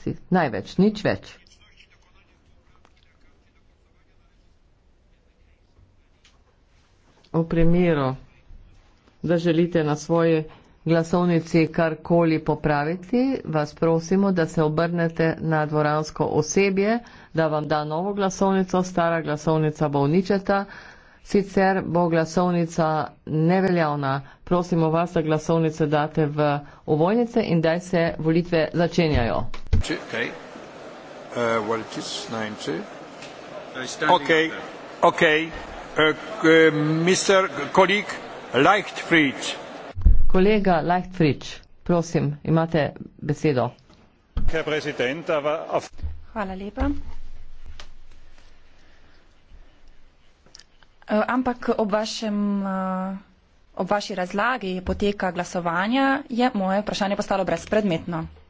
mesecih, največ, nič več. V primeru, da želite na svoji glasovnici karkoli popraviti, vas prosimo, da se obrnete na dvoransko osebje, da vam da novo glasovnico, stara glasovnica bo uničeta, sicer bo glasovnica neveljavna. Prosimo vas, da glasovnice date v ovojnice in da se volitve začenjajo. 90. Okay. Uh, what it is, 90. Okay. Okay. Uh, uh, Mr. Colleague, Light Fridge. Kolega Light Fridge, prosim, imate besedo. Hvala lepa. Eh, ampak ob, vašem, eh, ob vaši razlagi poteka glasovanja je moje vprašanje postalo brezpredmetno.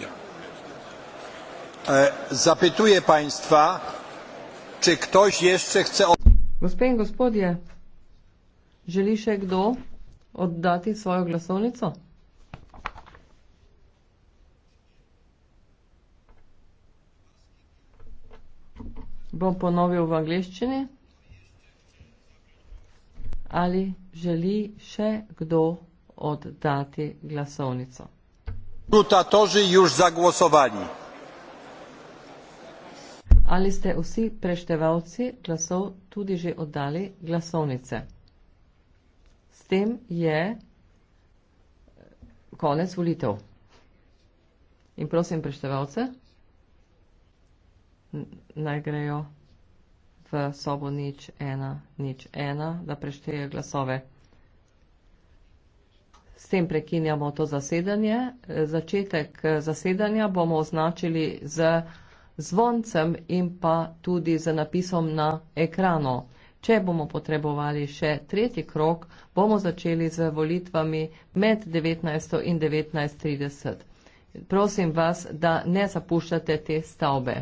Ja. E, zapytuję państwa, czy ktoś jeszcze chce Gospodje in gospodje, želi še kdo oddati svojo glasovnico? Bom ponovil v angliščini. Ali želi še kdo oddati glasovnico? Skrutatorzy już zagłosowali. Ali ste vsi preštevalci glasov tudi že oddali glasovnice? S tem je konec volitev. In prosim preštevalce, naj grejo v sobo nič ena, nič ena, da preštejejo glasove. S tem prekinjamo to zasedanje. Začetek eh, zasedanja bomo označili z zvoncem in pa tudi z napisom na ekranu. Če bomo potrebovali še tretji krok, bomo začeli z volitvami med 19. in 19.30. Prosim vas, da ne zapuščate te stavbe.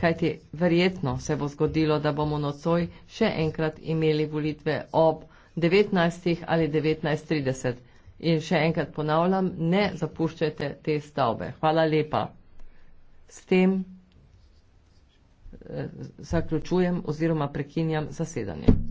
Kajti verjetno se bo zgodilo, da bomo nocoj še enkrat imeli volitve ob 18.00. 19 ali 19.30. In še enkrat ponavljam, ne zapuščajte te stavbe. Hvala lepa. S tem eh, zaključujem oziroma prekinjam zasedanje.